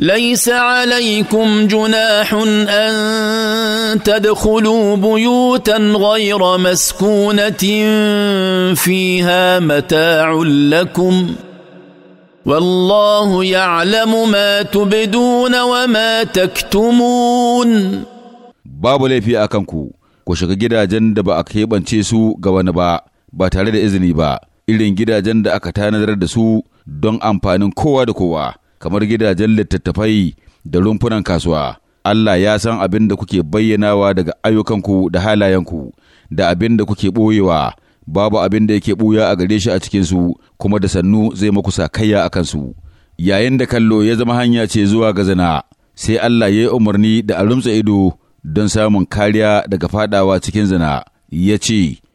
ليس عليكم جناح ان تدخلوا بيوتا غير مسكونه فيها متاع لكم والله يعلم ما تبدون وما تكتمون babu laifi a kan ku shiga gidajen da ba a keɓance su ga wani ba ba tare da izini ba irin gidajen da aka tanadar da su don amfanin kowa da kowa kamar gidajen littattafai da rumfunan kasuwa. Allah ya san abin da kuke bayyanawa daga ayyukanku da halayenku, da abin da kuke ɓoyewa, babu abin da yake ɓuya a gare shi a cikinsu, kuma da sannu zai maku sakayya a kansu. Yayin da kallo ya zama hanya ce zuwa ga zina, sai Allah ya yi umarni da a rumtsa ido don samun kariya daga fadawa cikin zina, ya ce,